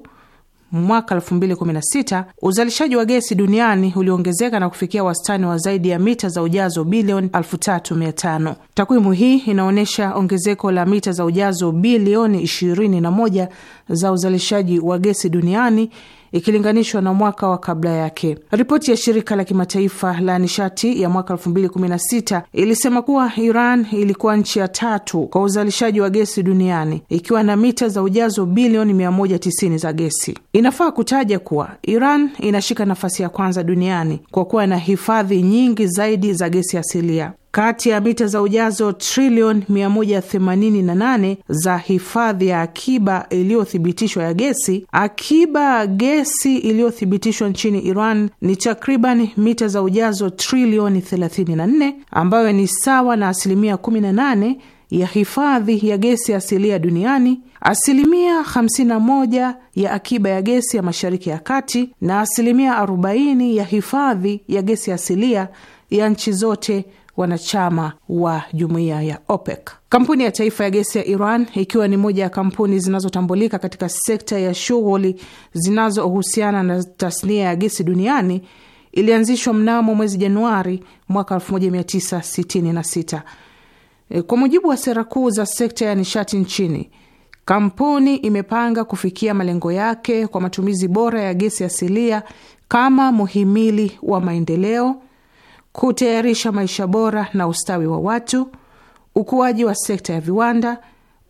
mwaka 2016 uzalishaji wa gesi duniani uliongezeka na kufikia wastani wa zaidi ya mita za ujazo bilioni 3500. Takwimu hii inaonyesha ongezeko la mita za ujazo bilioni 21 za uzalishaji wa gesi duniani ikilinganishwa na mwaka wa kabla yake. Ripoti ya shirika la kimataifa la nishati ya mwaka 2016 ilisema kuwa Iran ilikuwa nchi ya tatu kwa uzalishaji wa gesi duniani ikiwa na mita za ujazo bilioni 190 za gesi. Inafaa kutaja kuwa Iran inashika nafasi ya kwanza duniani kwa kuwa na hifadhi nyingi zaidi za gesi asilia kati ya mita za ujazo trilioni 188 za hifadhi ya akiba iliyothibitishwa ya gesi, akiba gesi iliyothibitishwa nchini Iran ni takriban mita za ujazo trilioni 34 ambayo ni sawa na asilimia 18 ya hifadhi ya gesi asilia duniani, asilimia 51 ya akiba ya gesi ya Mashariki ya Kati na asilimia 40 ya hifadhi ya gesi asilia ya nchi zote wanachama wa jumuiya ya OPEC. Kampuni ya taifa ya gesi ya Iran, ikiwa ni moja ya kampuni zinazotambulika katika sekta ya shughuli zinazohusiana na tasnia ya gesi duniani, ilianzishwa mnamo mwezi Januari mwaka 1966 e, kwa mujibu wa sera kuu za sekta ya nishati nchini. Kampuni imepanga kufikia malengo yake kwa matumizi bora ya gesi asilia kama muhimili wa maendeleo kutayarisha maisha bora na ustawi wa watu, ukuaji wa sekta ya viwanda,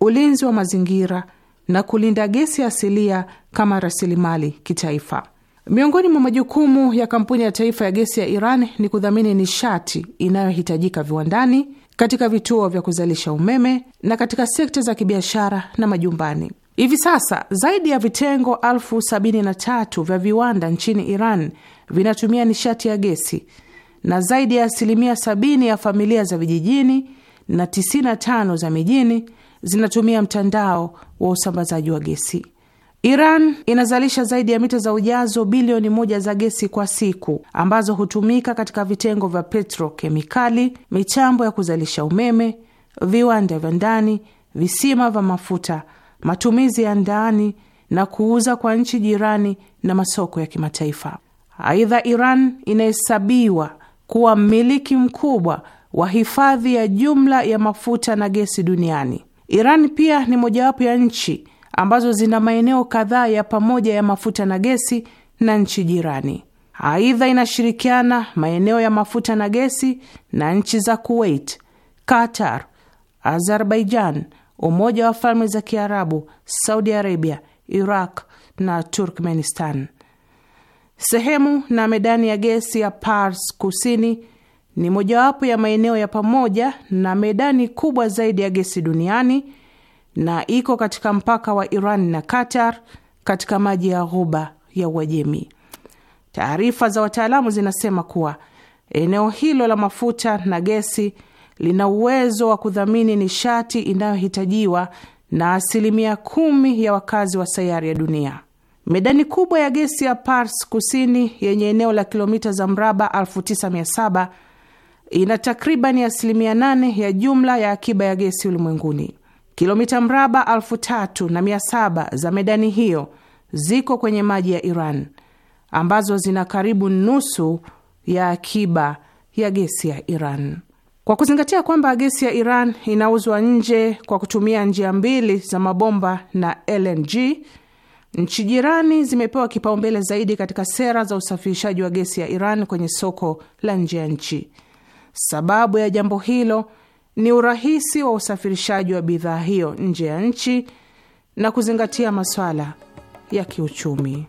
ulinzi wa mazingira na kulinda gesi asilia kama rasilimali kitaifa. Miongoni mwa majukumu ya kampuni ya taifa ya gesi ya Iran ni kudhamini nishati inayohitajika viwandani, katika vituo vya kuzalisha umeme na katika sekta za kibiashara na majumbani. Hivi sasa zaidi ya vitengo elfu sabini na tatu vya viwanda nchini Iran vinatumia nishati ya gesi na zaidi ya asilimia sabini ya familia za vijijini na 95 za mijini zinatumia mtandao wa usambazaji wa gesi. Iran inazalisha zaidi ya mita za ujazo bilioni moja za gesi kwa siku ambazo hutumika katika vitengo vya petrokemikali, mitambo ya kuzalisha umeme, viwanda vya ndani, visima vya mafuta, matumizi ya ndani na kuuza kwa nchi jirani na masoko ya kimataifa. Aidha, Iran inahesabiwa kuwa mmiliki mkubwa wa hifadhi ya jumla ya mafuta na gesi duniani. Iran pia ni mojawapo ya nchi ambazo zina maeneo kadhaa ya pamoja ya mafuta na gesi na nchi jirani. Aidha, inashirikiana maeneo ya mafuta na gesi na nchi za Kuwait, Qatar, Azerbaijan, Umoja wa Falme za Kiarabu, Saudi Arabia, Iraq na Turkmenistan. Sehemu na medani ya gesi ya Pars Kusini ni mojawapo ya maeneo ya pamoja na medani kubwa zaidi ya gesi duniani na iko katika mpaka wa Iran na Qatar katika maji ya Ghuba ya Uajemi. Taarifa za wataalamu zinasema kuwa eneo hilo la mafuta na gesi lina uwezo wa kudhamini nishati inayohitajiwa na asilimia kumi ya wakazi wa sayari ya dunia. Medani kubwa ya gesi ya Pars kusini yenye eneo la kilomita za mraba 9700 ina takribani asilimia 8 ya jumla ya akiba ya gesi ulimwenguni. Kilomita mraba 3700 za medani hiyo ziko kwenye maji ya Iran ambazo zina karibu nusu ya akiba ya gesi ya Iran. Kwa kuzingatia kwamba gesi ya Iran inauzwa nje kwa kutumia njia mbili za mabomba na LNG Nchi jirani zimepewa kipaumbele zaidi katika sera za usafirishaji wa gesi ya Iran kwenye soko la nje ya nchi. Sababu ya jambo hilo ni urahisi wa usafirishaji wa bidhaa hiyo nje ya nchi na kuzingatia masuala ya kiuchumi.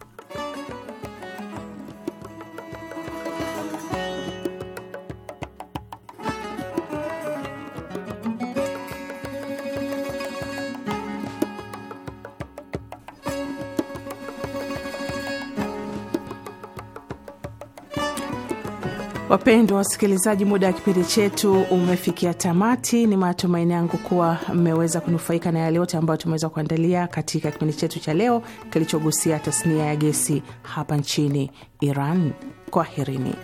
Wapendwa wasikilizaji, muda wa kipindi chetu umefikia tamati. Ni matumaini yangu kuwa mmeweza kunufaika na yale yote ambayo tumeweza kuandalia katika kipindi chetu cha leo kilichogusia tasnia ya gesi hapa nchini Iran. Kwaherini.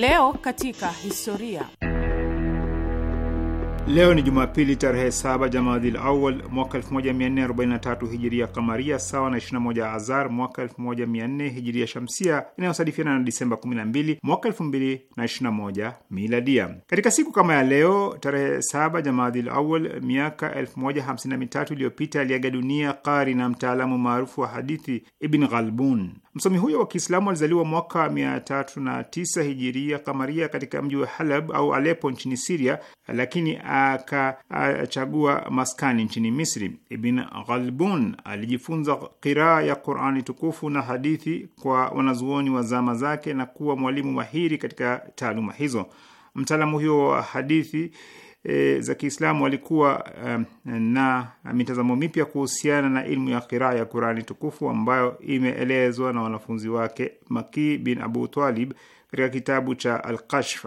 Leo katika historia. Leo ni Jumapili tarehe 7 Jamadil Awal mwaka 1443 hijiria kamaria, sawa na 21 Azar mwaka 1400 hijiria shamsia, inayosadifiana na Disemba 12 mwaka 2021 miladia. Katika siku kama ya leo tarehe 7 jamaadhil Awal miaka 1053 iliyopita aliaga dunia qari na mtaalamu maarufu wa hadithi Ibn Ghalbun. Msomi huyo wa Kiislamu alizaliwa mwaka 309 hijiria kamaria katika mji wa Halab au Alepo nchini Siria, lakini akachagua maskani nchini Misri. Ibn Ghalbun alijifunza qiraa ya Qurani tukufu na hadithi kwa wanazuoni wa zama zake na kuwa mwalimu mahiri katika taaluma hizo. Mtaalamu huyo wa hadithi e, za Kiislamu walikuwa um, na mitazamo mipya kuhusiana na ilmu ya qiraa ya Qurani tukufu ambayo imeelezwa na wanafunzi wake Maki bin Abu Talib katika kitabu cha Alkashf.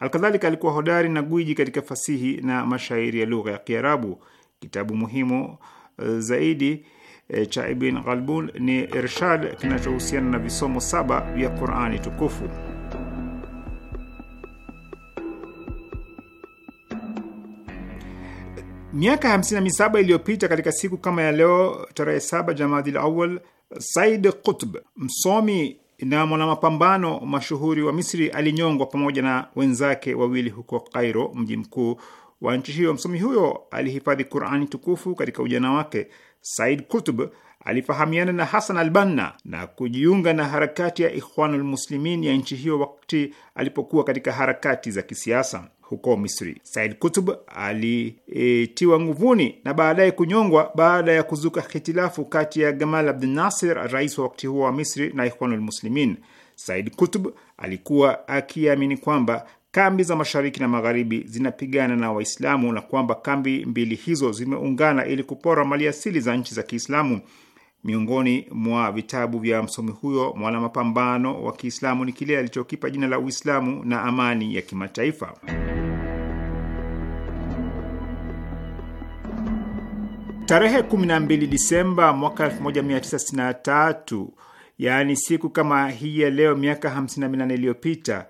Alkadhalika alikuwa hodari na gwiji katika fasihi na mashairi ya lugha ya Kiarabu. Kitabu muhimu e, zaidi e, cha Ibn Ghalbun ni Irshad kinachohusiana na visomo saba vya Qurani tukufu. Miaka 57 iliyopita katika siku kama ya leo, tarehe 7 Jamadil Awal, Said Qutb, msomi na mwanamapambano mashuhuri wa Misri, alinyongwa pamoja na wenzake wawili huko Kairo, mji mkuu wa nchi hiyo. Msomi huyo alihifadhi Qurani tukufu katika ujana wake. Said Qutb alifahamiana na Hasan albanna na kujiunga na harakati ya Ikhwanul Muslimin ya nchi hiyo wakati alipokuwa katika harakati za kisiasa huko Misri. Said Kutub alitiwa e, nguvuni na baadaye kunyongwa baada ya kuzuka hitilafu kati ya Gamal Abdel Nasser, rais wa wakati huo wa Misri, na Ikhwanul Muslimin. Said Kutub alikuwa akiamini kwamba kambi za mashariki na magharibi zinapigana na Waislamu na kwamba kambi mbili hizo zimeungana ili kupora mali asili za nchi za Kiislamu. Miongoni mwa vitabu vya msomi huyo mwana mapambano wa Kiislamu ni kile alichokipa jina la Uislamu na Amani ya Kimataifa. Tarehe 12 Disemba mwaka 1963, yaani siku kama hii ya leo miaka 58 iliyopita,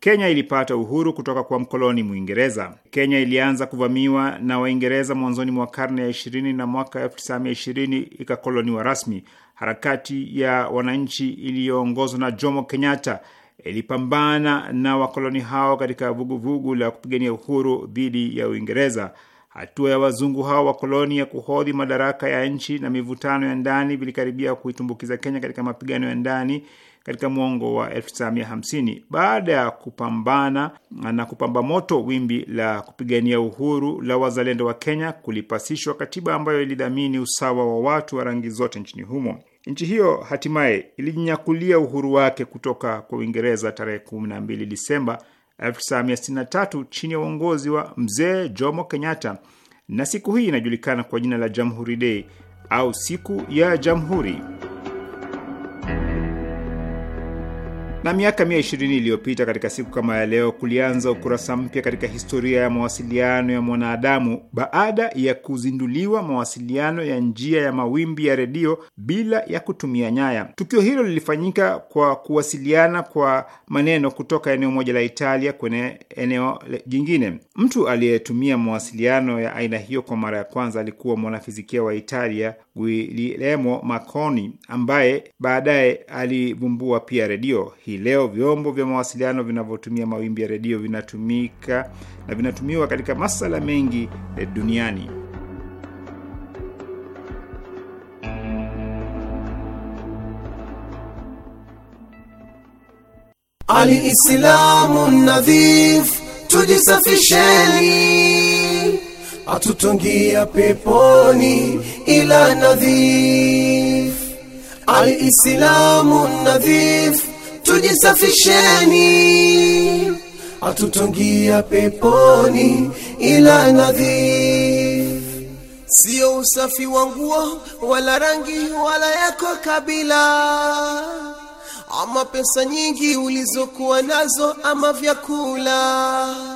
Kenya ilipata uhuru kutoka kwa mkoloni Mwingereza. Kenya ilianza kuvamiwa na Waingereza mwanzoni mwa karne ya 20 na mwaka 1920 ikakoloniwa rasmi. Harakati ya wananchi iliyoongozwa na Jomo Kenyatta ilipambana na wakoloni hao katika vuguvugu la kupigania uhuru dhidi ya Uingereza. Hatua ya wazungu hao koloni ya kuhodhi madaraka ya nchi na mivutano ya ndani vilikaribia kuitumbukiza Kenya katika mapigano ya ndani katika mwongo wa 1950 baada ya kupambana na kupamba moto wimbi la kupigania uhuru la wazalendo wa Kenya, kulipasishwa katiba ambayo ilidhamini usawa wa watu wa rangi zote nchini humo. Nchi hiyo hatimaye ilijinyakulia uhuru wake kutoka kwa Uingereza tarehe 12 Disemba 1963 chini ya uongozi wa Mzee Jomo Kenyatta, na siku hii inajulikana kwa jina la Jamhuri Day au siku ya Jamhuri. Na miaka mia ishirini iliyopita katika siku kama ya leo kulianza ukurasa mpya katika historia ya mawasiliano ya mwanadamu baada ya kuzinduliwa mawasiliano ya njia ya mawimbi ya redio bila ya kutumia nyaya. Tukio hilo lilifanyika kwa kuwasiliana kwa maneno kutoka eneo moja la Italia kwenye eneo jingine. Mtu aliyetumia mawasiliano ya aina hiyo kwa mara ya kwanza alikuwa mwanafizikia wa Italia Guillermo maconi ambaye baadaye alivumbua pia redio. Hii leo vyombo vya mawasiliano vinavyotumia mawimbi ya redio vinatumika na vinatumiwa katika masala mengi duniani. Aliislamu nadhif, tujisafisheni atutongia peponi ila nadhif alislamu nadhif tujisafisheni atutongia peponi ila nadhif sio usafi wa nguo wala rangi wala yako kabila ama pesa nyingi ulizokuwa nazo ama vyakula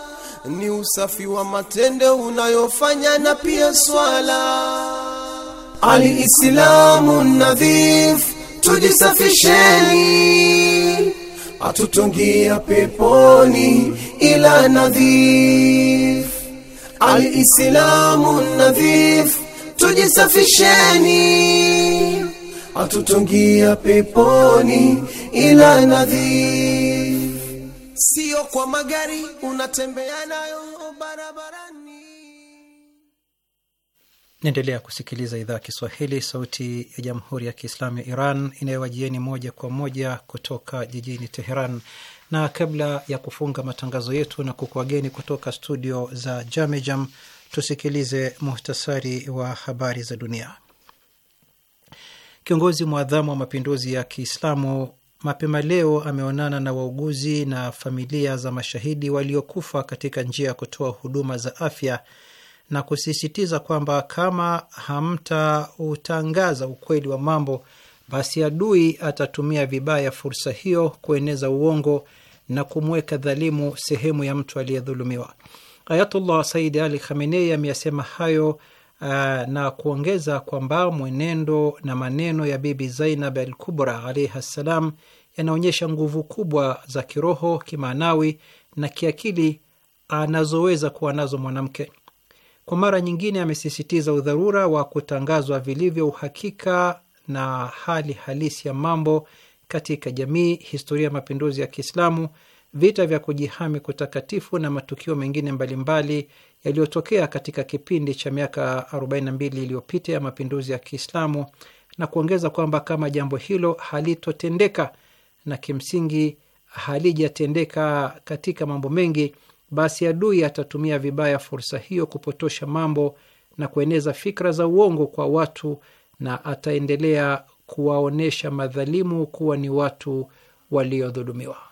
ni usafi wa matendo unayofanya na pia swala. Alislamu nadhif, tujisafisheni, atutungia peponi ila nadhif. Alislamu nadhif, tujisafisheni, atutungia peponi ila nadhif sio kwa magari unatembea nayo barabarani. Naendelea kusikiliza idhaa ya Kiswahili, sauti ya jamhuri ya kiislamu ya Iran inayowajieni moja kwa moja kutoka jijini Teheran. Na kabla ya kufunga matangazo yetu na kukuageni kutoka studio za Jamejam, tusikilize muhtasari wa habari za dunia. Kiongozi mwadhamu wa mapinduzi ya Kiislamu mapema leo ameonana na wauguzi na familia za mashahidi waliokufa katika njia ya kutoa huduma za afya na kusisitiza kwamba kama hamtautangaza ukweli wa mambo, basi adui atatumia vibaya fursa hiyo kueneza uongo na kumweka dhalimu sehemu ya mtu aliyedhulumiwa. Ayatullah Sayyid Ali Khamenei ameyasema hayo Eh, na kuongeza kwamba mwenendo na maneno ya Bibi Zainab al Kubra alaihi ssalam yanaonyesha nguvu kubwa za kiroho, kimaanawi na kiakili anazoweza kuwa nazo mwanamke. Kwa mara nyingine, amesisitiza udharura wa kutangazwa vilivyo uhakika na hali halisi ya mambo katika jamii, historia ya mapinduzi ya Kiislamu vita vya kujihami kutakatifu na matukio mengine mbalimbali yaliyotokea katika kipindi cha miaka 42 iliyopita ya mapinduzi ya Kiislamu na kuongeza kwamba kama jambo hilo halitotendeka na kimsingi halijatendeka katika mambo mengi, basi adui atatumia vibaya fursa hiyo kupotosha mambo na kueneza fikra za uongo kwa watu na ataendelea kuwaonyesha madhalimu kuwa ni watu waliodhulumiwa.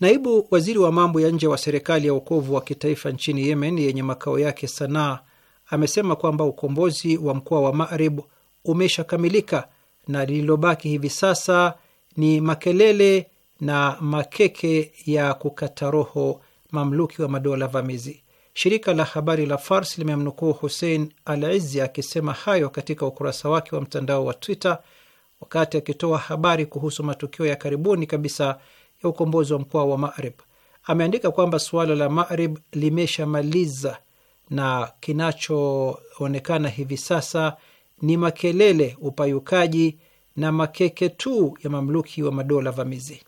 Naibu waziri wa mambo ya nje wa serikali ya uokovu wa kitaifa nchini Yemen yenye makao yake Sanaa amesema kwamba ukombozi wa mkoa wa Marib umeshakamilika na lililobaki hivi sasa ni makelele na makeke ya kukata roho mamluki wa madola vamizi. Shirika la habari la Fars limemnukuu Hussein Al-Izzi akisema hayo katika ukurasa wake wa mtandao wa Twitter wakati akitoa habari kuhusu matukio ya karibuni kabisa ya ukombozi wa mkoa wa Marib. Ameandika kwamba suala la Marib limeshamaliza na kinachoonekana hivi sasa ni makelele, upayukaji na makeke tu ya mamluki wa madola vamizi.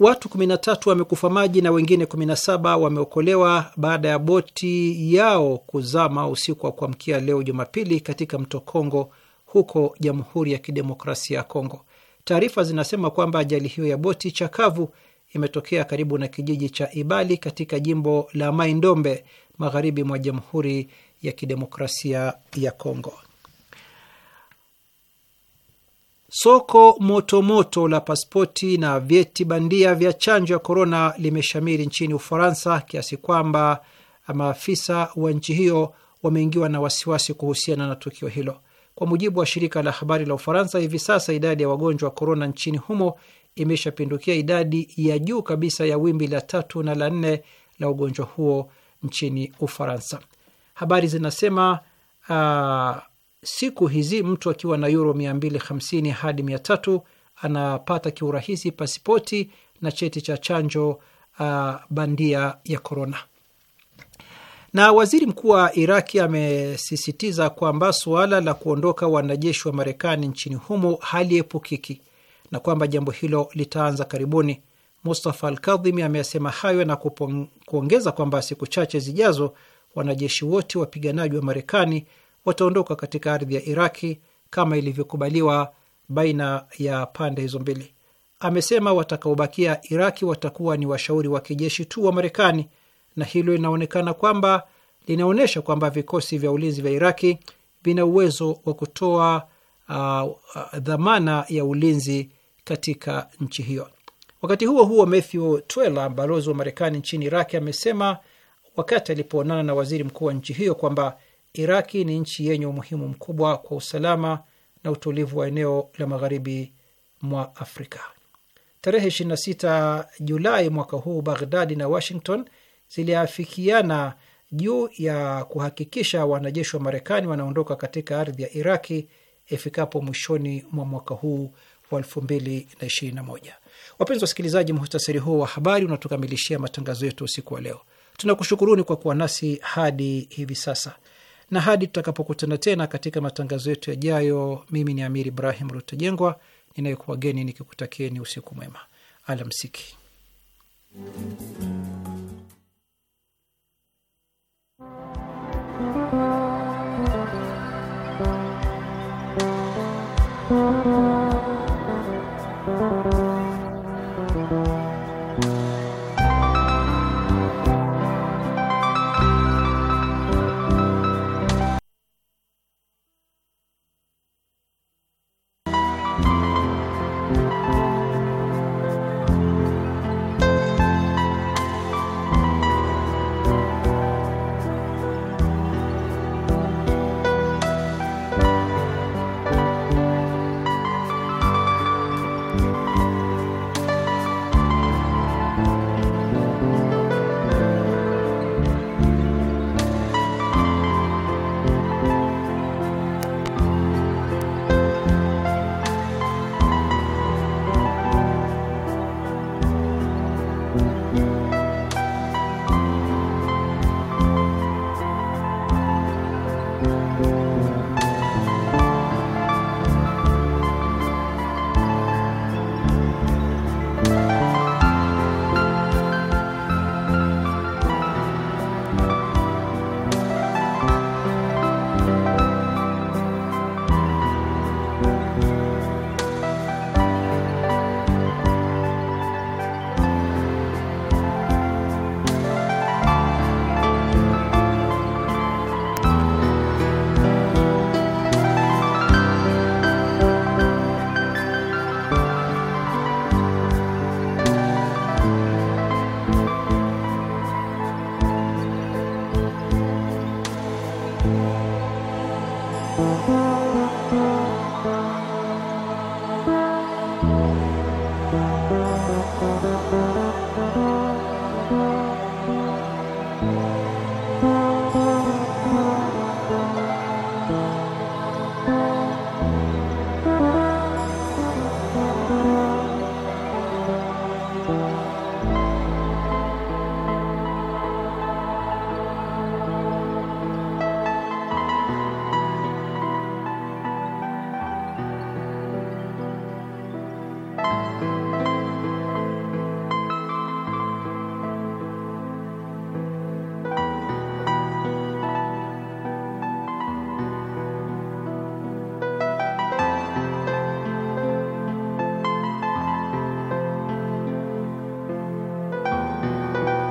Watu 13 wamekufa maji na wengine 17 wameokolewa baada ya boti yao kuzama usiku wa kuamkia leo Jumapili katika mto Kongo huko Jamhuri ya Kidemokrasia ya Kongo. Taarifa zinasema kwamba ajali hiyo ya boti chakavu imetokea karibu na kijiji cha Ibali katika jimbo la maindombe magharibi mwa Jamhuri ya Kidemokrasia ya Kongo. Soko motomoto moto la paspoti na vyeti bandia vya chanjo ya korona limeshamiri nchini Ufaransa kiasi kwamba maafisa wa nchi hiyo wameingiwa na wasiwasi kuhusiana na tukio hilo. Kwa mujibu wa shirika la habari la Ufaransa, hivi sasa idadi ya wagonjwa wa korona nchini humo imeshapindukia idadi ya juu kabisa ya wimbi la tatu na la nne la ugonjwa huo nchini Ufaransa. Habari zinasema uh, siku hizi mtu akiwa na yuro 250 hadi 300 anapata kiurahisi pasipoti na cheti cha chanjo uh, bandia ya korona. Na waziri mkuu wa Iraki amesisitiza kwamba suala la kuondoka wanajeshi wa Marekani nchini humo haliepukiki na kwamba jambo hilo litaanza karibuni. Mustafa Alkadhimi ameyasema hayo na kuongeza kwamba siku chache zijazo wanajeshi wote wapiganaji wa Marekani wataondoka katika ardhi ya Iraki kama ilivyokubaliwa baina ya pande hizo mbili. Amesema watakaobakia Iraki watakuwa ni washauri wa kijeshi tu wa Marekani na hilo linaonekana kwamba linaonyesha kwamba vikosi vya ulinzi vya Iraki vina uwezo wa kutoa uh, uh dhamana ya ulinzi katika nchi hiyo. Wakati huo huo, Matthew Twela, balozi wa Marekani nchini Iraki, amesema wakati alipoonana na waziri mkuu wa nchi hiyo kwamba Iraki ni nchi yenye umuhimu mkubwa kwa usalama na utulivu wa eneo la magharibi mwa Afrika. Tarehe 26 Julai mwaka huu, Baghdadi na Washington ziliafikiana juu ya kuhakikisha wanajeshi wa Marekani wanaondoka katika ardhi ya Iraki ifikapo mwishoni mwa mwaka huu wa 2021. Wapenzi wa wasikilizaji, muhtasari huo wa habari unatukamilishia matangazo yetu usiku wa leo. Tunakushukuruni kwa kuwa nasi hadi hivi sasa na hadi tutakapokutana tena katika matangazo yetu yajayo, mimi ni Amir Ibrahim Rutajengwa ninayekuwageni nikikutakieni usiku mwema. Alamsiki.